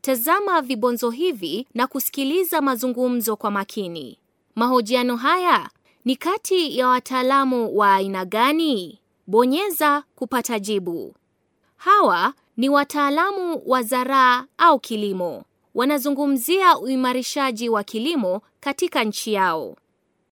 Tazama vibonzo hivi na kusikiliza mazungumzo kwa makini. Mahojiano haya ni kati ya wataalamu wa aina gani? Bonyeza kupata jibu. Hawa ni wataalamu wa zaraa au kilimo. Wanazungumzia uimarishaji wa kilimo katika nchi yao.